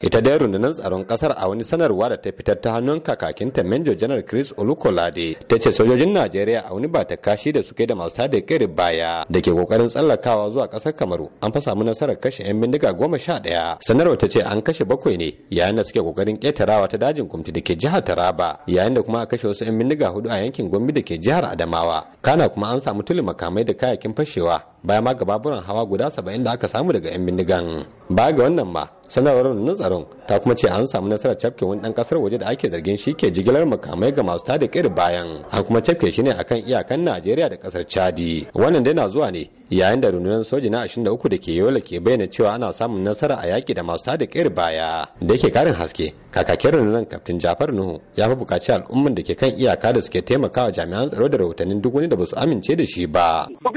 ita dai rundunar tsaron kasar a wani sanarwa da ta fitar ta hannun kakakinta menjo janar chris olukolade ta ce sojojin najeriya a wani ba ta kashi da suke da masu tada kere baya da ke kokarin tsallakawa zuwa kasar kamaru an fa samu nasarar kashe yan bindiga goma sha ɗaya sanarwar ta ce an kashe bakwai ne yayin da suke kokarin ketarawa ta dajin kumti da ke jihar taraba yayin da kuma a kashe wasu yan bindiga hudu a yankin gombe da ke jihar adamawa kana kuma an samu tuli makamai da kayayyakin fashewa baya ma gababuran hawa guda saba'in da aka samu daga yan bindigan baya ga wannan ma sanarwar na tsaron ta kuma ce an samu nasarar cafke wani dan kasar waje da ake zargin shi ke jigilar makamai ga masu tada kiri bayan an kuma cafke shi ne akan iyakan najeriya da kasar chadi wannan dai na zuwa ne yayin da rundunar soji na 23 da ke yola ke bayyana cewa ana samun nasara a yaki da masu tada kiri baya da yake karin haske kakakin rundunar kaftin jafar nuhu ya fi bukaci al'umman da ke kan iyaka da suke taimakawa jami'an tsaro da rahotannin duk wani da ba su amince da shi ba. Ku a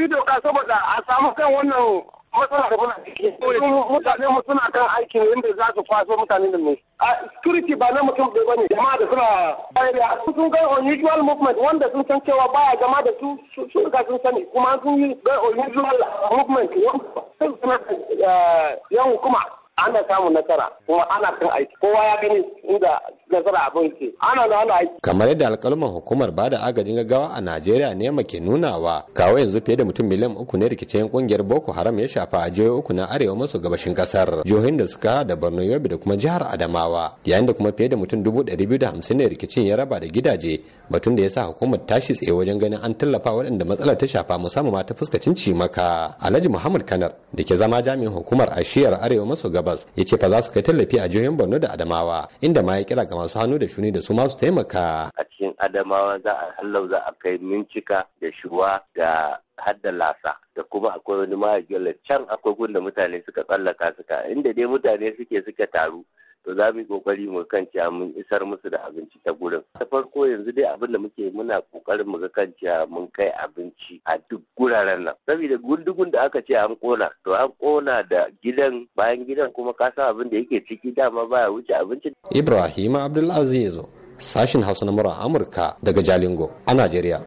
matsala da mutane mu suna kan aikin inda za su kwaso mutane da mai a security ba na mutum bai bane jama'a da suna bayariya su sun ga unusual movement wanda sun san cewa baya jama' da su su riga sun sani kuma sun yi ga unusual movement sun suna eh, yan hukuma ana samun nasara kuma ana kan aiki kowa ya gani inda nasara abin ke ana na kamar yadda alkalman hukumar bada agajin gaggawa a Najeriya ne ma ke nunawa kawo yanzu fiye da mutum miliyan uku ne rikicin kungiyar Boko Haram ya shafa a jihohi uku na arewa maso gabashin kasar jihohin da suka da Borno Yobe da kuma jihar Adamawa yayin da kuma fiye da mutum dubu ɗari biyu da hamsin ne rikicin ya raba da gidaje batun da ya sa hukumar tashi tsaye wajen ganin an tallafa waɗanda matsalar ta shafa musamman ma ta fuskacin maka, Alhaji Muhammad Kanar da ke zama jami'in hukumar a shiyar arewa maso gabas ya ce fa za su kai tallafi a jihohin Borno da Adamawa inda ma ya kira ga masu hannu da shuni da su masu taimaka. A cikin Adamawa za a hallau za a kai mincika da shuwa da hadda lasa da kuma akwai wani mahajjala can akwai gunda mutane suka tsallaka suka inda dai mutane suke suka taru. to za mu yi kokari mu kan cewa mun isar musu da abinci ta gurin. Ta farko yanzu dai abin da muke muna kokarin mu ga kan cewa mun kai abinci a duk wuraren nan saboda gundugun da aka ce an kona to an kona da gidan bayan gidan kuma ka abin da yake ciki dama baya wuce abinci Ibrahim Abdulaziz sashin Hausa na Amurka daga Jalingo a Najeriya